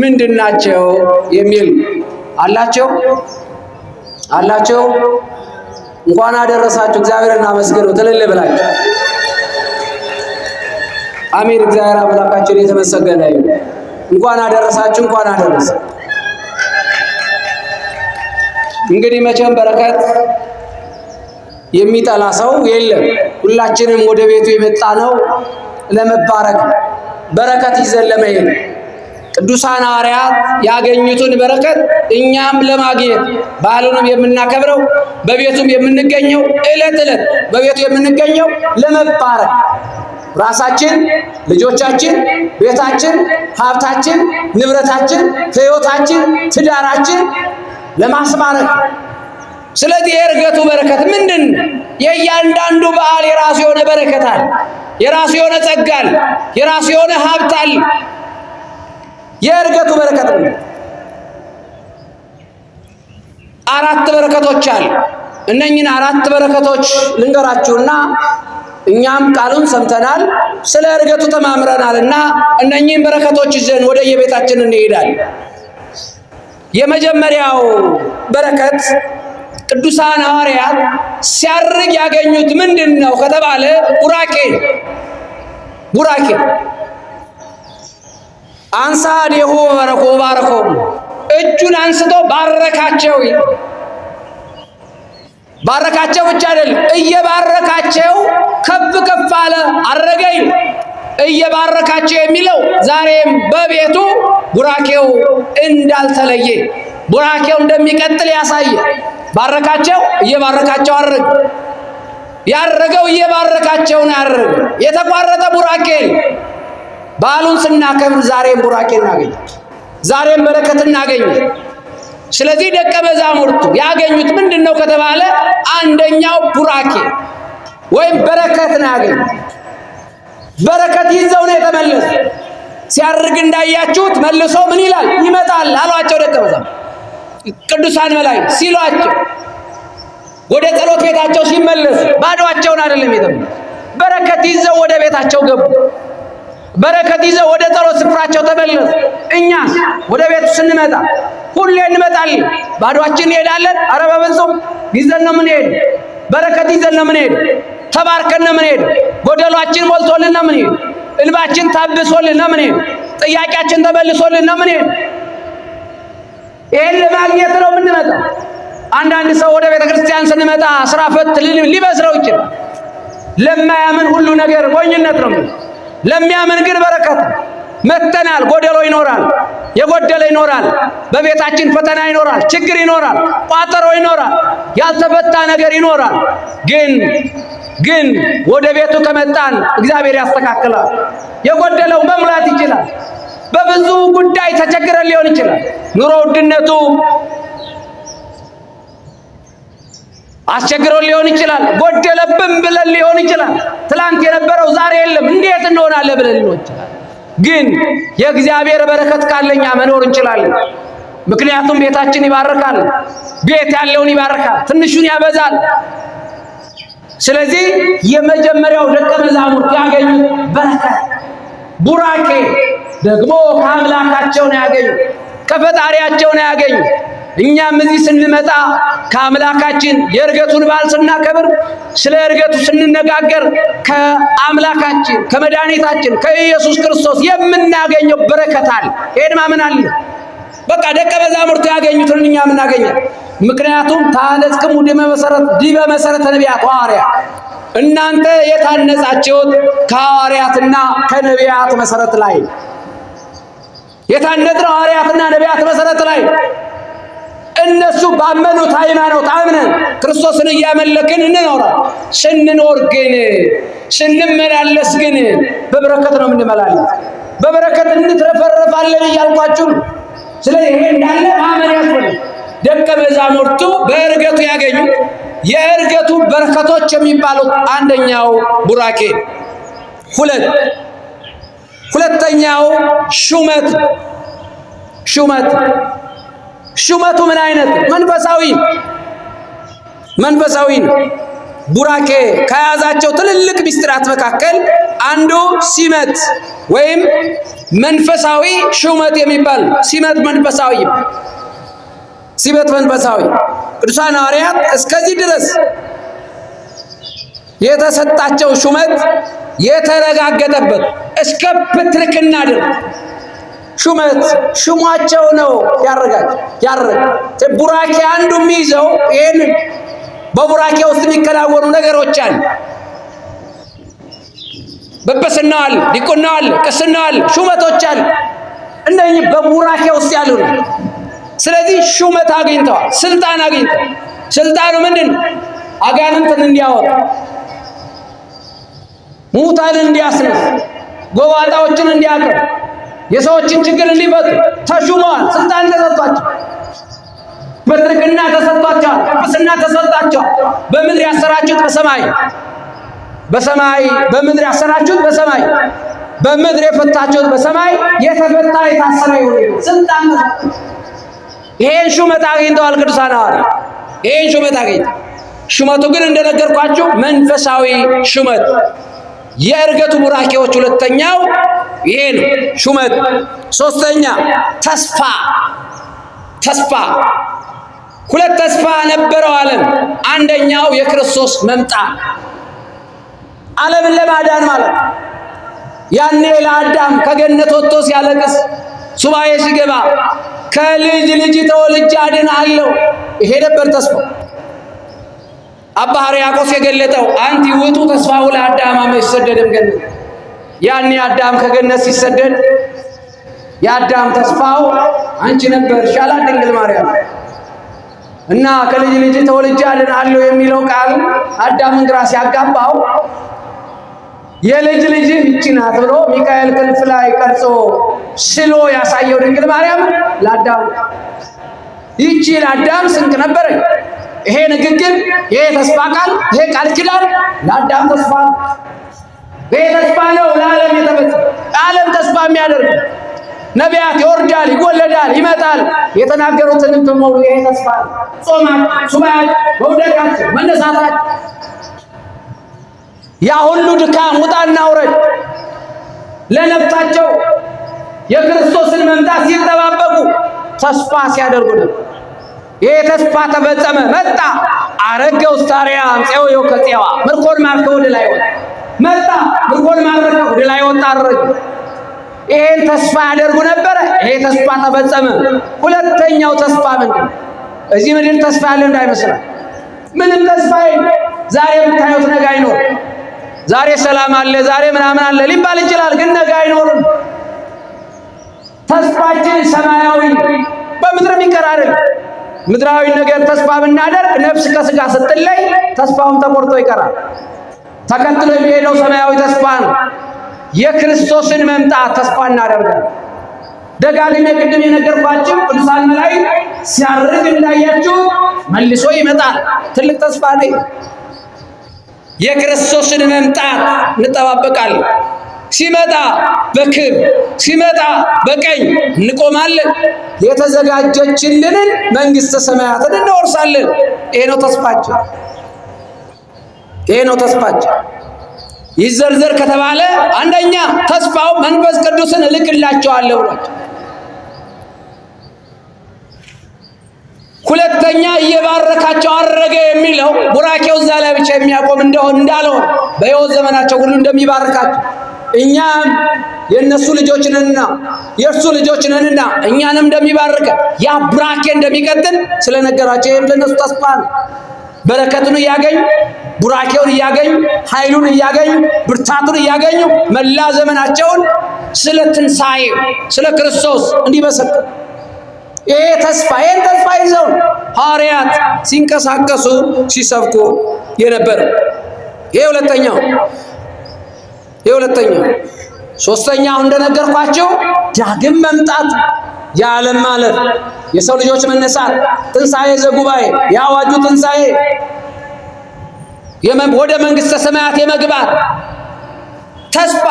ምንድን ናቸው የሚል አላቸው አላቸው። እንኳን አደረሳችሁ እግዚአብሔር እናመስግኑ ትልል ብላችሁ አሜን። እግዚአብሔር አምላካችን የተመሰገነ ይሁን። እንኳን አደረሳችሁ፣ እንኳን አደረሰ። እንግዲህ መቼም በረከት የሚጠላ ሰው የለም። ሁላችንም ወደ ቤቱ የመጣ ነው ለመባረክ በረከት ይዘን ለመሄድ ቅዱሳን ሐዋርያት ያገኙትን በረከት እኛም ለማግኘት በዓሉንም የምናከብረው በቤቱም የምንገኘው ዕለት ዕለት በቤቱ የምንገኘው ለመባረክ ራሳችን፣ ልጆቻችን፣ ቤታችን፣ ሀብታችን፣ ንብረታችን፣ ሕይወታችን፣ ትዳራችን ለማስባረክ ስለዚህ የእርገቱ በረከት ምንድን ነው? የእያንዳንዱ በዓል የራሱ የሆነ በረከታል፣ የራሱ የሆነ ጸጋል፣ የራሱ የሆነ ሀብታል የእርገቱ በረከት ነው። አራት በረከቶች አሉ። እነኝን አራት በረከቶች ልንገራችሁና እኛም ቃሉን ሰምተናል፣ ስለ እርገቱ ተማምረናል እና እነኚህን በረከቶች ይዘን ወደ የቤታችን እንሄዳለን። የመጀመሪያው በረከት ቅዱሳን ሐዋርያት ሲያርግ ያገኙት ምንድን ነው ከተባለ ቡራኬ ቡራኬ አንሳ ዴሆ በረኮ ባረኮም እጁን አንስቶ ባረካቸው። ባረካቸው ብቻ አይደል፣ እየባረካቸው ከፍ ከፍ አለ አረገኝ። እየባረካቸው የሚለው ዛሬም በቤቱ ቡራኬው እንዳልተለየ ቡራኬው እንደሚቀጥል ያሳየ ባረካቸው፣ እየባረካቸው አረገ። ያረገው እየባረካቸው ነው የተቋረጠ ቡራኬ በዓሉን ስናከብር ዛሬም ቡራኬ እናገኝ፣ ዛሬም በረከት እናገኝ። ስለዚህ ደቀ መዛሙርቱ ያገኙት ምንድን ነው ከተባለ አንደኛው ቡራኬ ወይም በረከት ነው ያገኙት። በረከት ይዘው ነው የተመለሱ። ሲያርግ እንዳያችሁት መልሶ ምን ይላል ይመጣል አሏቸው ደቀ መዛሙርት ቅዱሳን መላእክት ሲሏቸው ወደ ጸሎት ቤታቸው ሲመለሱ ባዶአቸውን አይደለም የተመለሱ፣ በረከት ይዘው ወደ ቤታቸው ገቡ። በረከት ይዘ ወደ ጸሎት ስፍራቸው ተመለሱ። እኛ ወደ ቤት ስንመጣ ሁሌ እንመጣለን፣ ባዷችን እንሄዳለን። ኧረ በፍጹም ይዘን ነው የምንሄደው። በረከት ይዘን ነው የምንሄደው። ተባርከን ነው የምንሄደው። ጎደሏችን ሞልቶልን ነው የምንሄደው። እንባችን ታብሶልን ነው የምንሄደው። ጥያቄያችን ተመልሶልን ነው የምንሄደው። ይሄን ለማግኘት ነው የምንመጣው። አንዳንድ ሰው ወደ ቤተ ክርስቲያን ስንመጣ ስራ ፈት ሊመስለው ይችላል። ለማያምን ሁሉ ነገር ሞኝነት ነው። ለሚያምን ግን በረከት መተናል። ጎደሎ ይኖራል፣ የጎደለ ይኖራል፣ በቤታችን ፈተና ይኖራል፣ ችግር ይኖራል፣ ቋጠሮ ይኖራል፣ ያልተፈታ ነገር ይኖራል። ግን ግን ወደ ቤቱ ከመጣን እግዚአብሔር ያስተካክላል። የጎደለው መሙላት ይችላል። በብዙ ጉዳይ ተቸግረን ሊሆን ይችላል። ኑሮ ውድነቱ አስቸግሮን ሊሆን ይችላል። ጎደለብን ብለን ሊሆን ይችላል። ትላንት የነበረው ዛሬ የለም እንዴት እንሆናለን ብለን ሊሆን ይችላል። ግን የእግዚአብሔር በረከት ካለኛ መኖር እንችላለን። ምክንያቱም ቤታችን ይባርካል። ቤት ያለውን ይባርካል፣ ትንሹን ያበዛል። ስለዚህ የመጀመሪያው ደቀ መዛሙርት ያገኙት በረከት ቡራኬ ደግሞ ከአምላካቸው ነው ያገኙ ከፈጣሪያቸው ነው ያገኙ። እኛም እዚህ ስንመጣ ከአምላካችን የእርገቱን በዓል ስናከብር ስለ እርገቱ ስንነጋገር ከአምላካችን ከመድኃኒታችን ከኢየሱስ ክርስቶስ የምናገኘው በረከት አለ። ይሄን ማመን አለ። በቃ ደቀ መዛሙርቱ ያገኙትን እኛ የምናገኘው ምክንያቱም ታነጽክሙ ዲበ መሰረት ዲበ መሰረተ ነቢያት ሐዋርያ እናንተ የታነጻችሁት ከሐዋርያትና ከነቢያት መሰረት ላይ የታነጽነው ሐዋርያትና ነቢያት መሰረት ላይ እነሱ ባመኑት ሃይማኖት አምነን ክርስቶስን እያመለክን እንኖራል። ስንኖር ግን ስንመላለስ ግን በበረከት ነው የምንመላለስ፣ በበረከት እንትረፈረፋለን እያልኳችሁ ነው። ስለዚህ ይሄ እንዳለ ማመን ያስፈልጋል። ደቀ መዛሙርቱ በእርገቱ ያገኙ የእርገቱ በረከቶች የሚባሉት አንደኛው ቡራኬ፣ ሁለት ሁለተኛው ሹመት ሹመት ሹመቱ ምን አይነት መንፈሳዊ መንፈሳዊ ቡራኬ ከያዛቸው ትልልቅ ሚስጥራት መካከል አንዱ ሲመት ወይም መንፈሳዊ ሹመት የሚባል ሲመት መንፈሳዊ ሲመት መንፈሳዊ ቅዱሳን ሐዋርያት እስከዚህ ድረስ የተሰጣቸው ሹመት የተረጋገጠበት እስከ ፕትርክና ድረስ ሹመት ሹማቸው ነው ያረጋቸው። ያረግ ቡራኬ አንዱ የሚይዘው ይህን በቡራኬ ውስጥ የሚከናወኑ ነገሮች አሉ። ጵጵስና አለ፣ ዲቁና አለ፣ ቅስና አለ፣ ሹመቶች አሉ። እነኚህ በቡራኬ ውስጥ ያሉ ነው። ስለዚህ ሹመት አግኝተዋል፣ ስልጣን አግኝተዋል። ስልጣኑ ምንድን ነው? አጋንንትን እንዲያወጣ ሙታንን እንዲያስነስ ጎባጣዎችን እንዲያቀርብ የሰዎችን ችግር እንዲፈቱ ተሹመዋል። ስልጣን ተሰጥቷቸው፣ ፕትርክና ተሰጥቷቸዋል፣ ቅስና ተሰጣቸዋል። በምድር ያሰራችሁት በሰማይ በሰማይ በምድር ያሰራችሁት በሰማይ በምድር የፈታችሁት በሰማይ የተፈታ የታሰረ ይሁን። ስልጣን ይሄን ሹመት አግኝተዋል ቅዱሳን ሐዋርያት። ይሄን ሹመት አግኝተዋል። ሹመቱ ግን እንደነገርኳችሁ መንፈሳዊ ሹመት የእርገቱ ቡራኬዎች ሁለተኛው ይሄ ነው ሹመት። ሶስተኛ ተስፋ ተስፋ ሁለት ተስፋ ነበረው ዓለም። አንደኛው የክርስቶስ መምጣት ዓለምን ለማዳን ማለት ያኔ ለአዳም ከገነት ወጥቶ ሲያለቅስ ሱባኤ ሲገባ ከልጅ ልጅ ተወልጄ አድንሃለሁ። ይሄ ነበር ተስፋ። አባ ሕርያቆስ የገለጠው አንቲ ውጡ ተስፋሁ ለአዳም አመ ይሰደድ እምገነት ያኔ አዳም ከገነት ሲሰደድ የአዳም ተስፋው አንቺ ነበር አላት ድንግል ማርያም። እና ከልጅ ልጅ ተወልጄ አድናለሁ የሚለው ቃል አዳምን ግራ ሲያጋባው የልጅ ልጅ እቺ ናት ብሎ ሚካኤል ክንፍ ላይ ቀርጾ ስሎ ያሳየው ድንግል ማርያም ለአዳም ይቺ ለአዳም ስንቅ ነበረኝ። ይሄ ንግግር፣ ይሄ ተስፋ ቃል፣ ይሄ ቃል ኪዳን ለአዳም ተስፋ ተስፋ ነው ለዓለም የተመስ ዓለም ተስፋ የሚያደርግ ነቢያት ይወርዳል፣ ይወለዳል፣ ይመጣል የተናገሩትንም ትሞሉ። ይሄ ተስፋ ነው። ጾማት፣ ሱባኤያት፣ መውደቃቸው፣ መነሳታት ያ ሁሉ ድካም ውጣና ውረድ ለነፍሳቸው የክርስቶስን መምጣት ሲጠባበቁ ተስፋ ሲያደርጉ ነው። ይሄ ተስፋ ተፈጸመ፣ መጣ። አረገው ስታሪያ አንጼው ከጼዋ ምርኮን ማርከው ላይ መጣ። ምርኮን ማረከ፣ ወደ ላይ ወጣ፣ አረገ። ይሄን ተስፋ ያደርጉ ነበረ። ይሄ ተስፋ ተፈጸመ። ሁለተኛው ተስፋ ምንድን? እዚህ ምድር ተስፋ ያለ እንዳይመስላል። ምንም ተስፋ ዛሬ የምታዩት ነገ አይኖር። ዛሬ ሰላም አለ፣ ዛሬ ምናምን አለ ሊባል ይችላል፣ ግን ነገ አይኖርም። ተስፋችን ሰማያዊ በምድር ይቀራረል። ምድራዊ ነገር ተስፋ ብናደርግ ነፍስ ከስጋ ስትለይ ተስፋውን ተቆርጦ ይቀራል። ተከትሎ የሚሄደው ሰማያዊ ተስፋ ነው። የክርስቶስን መምጣት ተስፋ እናደርጋለን። ደጋግሜ ቅድም የነገርኳችሁ ቅዱሳን ላይ ሲያርግ እንዳያችሁ መልሶ ይመጣል። ትልቅ ተስፋ ላይ የክርስቶስን መምጣት እንጠባበቃለን። ሲመጣ በክብ ሲመጣ በቀኝ እንቆማለን። የተዘጋጀችልንን መንግሥተ ሰማያትን እንወርሳለን። ይሄ ነው ተስፋችን። ይሄ ነው ተስፋቸው። ይዘርዘር ከተባለ አንደኛ ተስፋው መንፈስ ቅዱስን እልክላቸዋለሁ ብሏቸው፣ ሁለተኛ እየባረካቸው አረገ የሚለው ቡራኬው እዛ ላይ ብቻ የሚያቆም እንደሆን እንዳልሆን በሕይወት ዘመናቸው ሁሉ እንደሚባርካቸው እኛም የእነሱ ልጆች ነንና የእርሱ ልጆች ነንና እኛንም እንደሚባርከ ያ ቡራኬ እንደሚቀጥል ስለነገራቸው ይህም ለእነሱ ተስፋ ነው። በረከቱን እያገኙ ቡራኬውን እያገኙ ኃይሉን እያገኙ ብርታቱን እያገኙ መላ ዘመናቸውን ስለ ትንሣኤ ስለ ክርስቶስ እንዲመሰክር ይሄ ተስፋ ይህን ተስፋ ይዘው ሐዋርያት ሲንቀሳቀሱ ሲሰብኩ የነበረ ይሄ ሁለተኛው ይሄ ሁለተኛው ሶስተኛው እንደነገርኳቸው ዳግም መምጣት የዓለም ማለፍ፣ የሰው ልጆች መነሳት፣ ትንሣኤ ዘጉባኤ፣ የአዋጁ ትንሣኤ፣ ወደ መንግሥተ ሰማያት የመግባት ተስፋ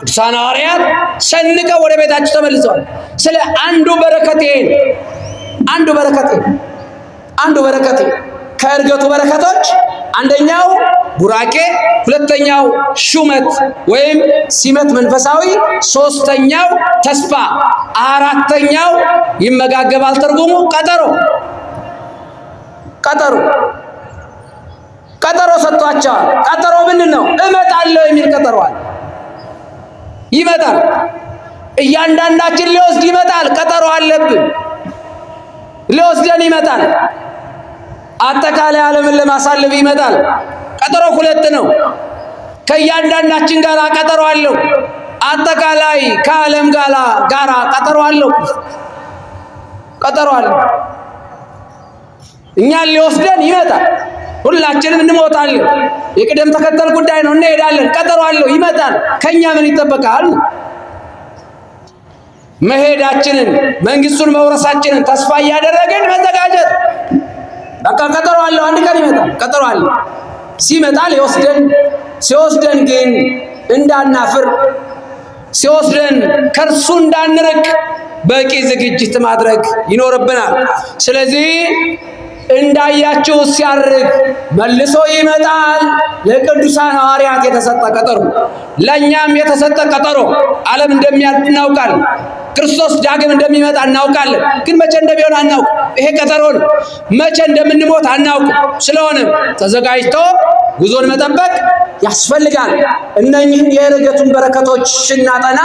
ቅዱሳን ሐዋርያት ሰንቀው ወደ ቤታቸው ተመልሰዋል። ስለ አንዱ በረከቴ አንዱ በረከቴ አንዱ በረከቴ ከእርገቱ በረከቶች አንደኛው ቡራኬ፣ ሁለተኛው ሹመት ወይም ሲመት መንፈሳዊ፣ ሶስተኛው ተስፋ፣ አራተኛው ይመጋገባል። ትርጉሙ ቀጠሮ ቀጠሮ ቀጠሮ ሰጥቷቸዋል። ቀጠሮ ምንድን ነው? እመጣለሁ የሚል ቀጠሮዋል። ይመጣል። እያንዳንዳችን ሊወስድ ይመጣል። ቀጠሮ አለብን። ሊወስደን ይመጣል። አጠቃላይ ዓለምን ለማሳለፍ ይመጣል። ቀጠሮ ሁለት ነው። ከእያንዳንዳችን ጋር ቀጠሮ አለው። አጠቃላይ ከዓለም ጋላ ጋር ቀጠሮ አለው። ቀጠሮ አለው። እኛን ሊወስደን ይመጣል። ሁላችንም እንሞታለን። የቅደም ተከተል ጉዳይ ነው። እንሄዳለን። ቀጠሮ አለው። ይመጣል። ከኛ ምን ይጠበቃል? መሄዳችንን መንግስቱን መውረሳችንን ተስፋ እያደረግን መዘጋጀት በቃ ቀጠሮ አለው፣ አንድ ቀን ይመጣል። ቀጠሮ አለ። ሲመጣ ሊወስደን ሲወስደን ግን እንዳናፍር ሲወስደን ከእርሱ እንዳንርቅ በቂ ዝግጅት ማድረግ ይኖርብናል። ስለዚህ እንዳያችሁ ሲያርግ መልሶ ይመጣል። ለቅዱሳን ሐዋርያት የተሰጠ ቀጠሮ፣ ለእኛም የተሰጠ ቀጠሮ። ዓለም እንደሚያልፍ እናውቃለን። ክርስቶስ ዳግም እንደሚመጣ እናውቃለን። ግን መቼ እንደሚሆን አናውቅ። ይሄ ቀጠሮ ነው። መቼ እንደምንሞት አናውቅ። ስለሆነ ተዘጋጅቶ ጉዞን መጠበቅ ያስፈልጋል። እነኝህን የዕርገቱን በረከቶች ስናጠና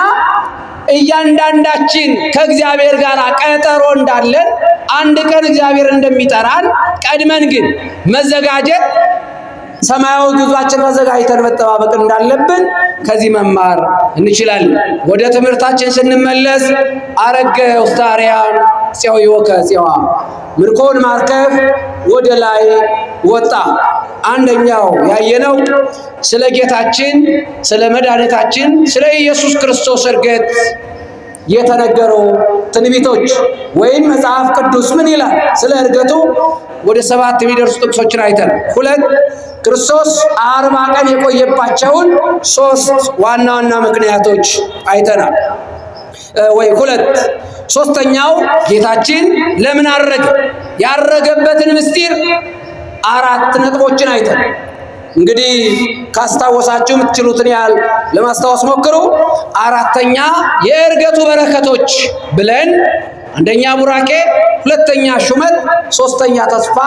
እያንዳንዳችን ከእግዚአብሔር ጋር ቀጠሮ እንዳለን አንድ ቀን እግዚአብሔር እንደሚጠራን ቀድመን ግን መዘጋጀት ሰማያዊ ጉዟችን ተዘጋጅተን መጠባበቅ እንዳለብን ከዚህ መማር እንችላለን። ወደ ትምህርታችን ስንመለስ አረገ ውስታሪያን ጽዮወከ ጽዋ ምርኮን ማርከፍ ወደ ላይ ወጣ። አንደኛው ያየነው ስለ ጌታችን ስለ መድኃኒታችን ስለ ኢየሱስ ክርስቶስ እርገት የተነገሩ ትንቢቶች ወይም መጽሐፍ ቅዱስ ምን ይላል? ስለ እርገቱ ወደ ሰባት የሚደርሱ ጥቅሶችን አይተን ሁለት ክርስቶስ አርባ ቀን የቆየባቸውን ሶስት ዋና ዋና ምክንያቶች አይተናል። ወይ ሁለት ሶስተኛው ጌታችን ለምን አረገ ያረገበትን ምስጢር አራት ነጥቦችን አይተን እንግዲህ ካስታወሳችሁ የምትችሉትን ያህል ለማስታወስ ሞክሩ። አራተኛ የእርገቱ በረከቶች ብለን አንደኛ ቡራኬ፣ ሁለተኛ ሹመት፣ ሶስተኛ ተስፋ፣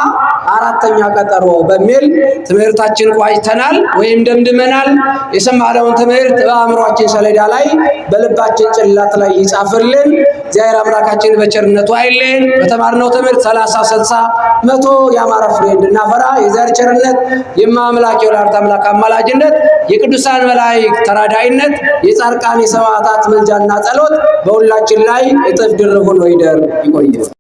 አራተኛ ቀጠሮ በሚል ትምህርታችን ቋጭተናል ወይም ደምድመናል። የሰማነውን ትምህርት በአእምሯችን ሰሌዳ ላይ በልባችን ጭላት ላይ ይጻፍልን። እግዚአብሔር አምላካችን በቸርነቱ አይለን። በተማርነው ትምህርት ሰላሳ ስልሳ መቶ ያማረ ፍሬ እንድናፈራ የእግዚአብሔር ቸርነት የማምላክ የወላዲተ አምላክ አማላጅነት የቅዱሳን መላእክት ተራዳይነት የጻድቃን የሰማዕታት ምልጃና ጸሎት በሁላችን ላይ እጥፍ ድርብ ሆኖ এটার ই করি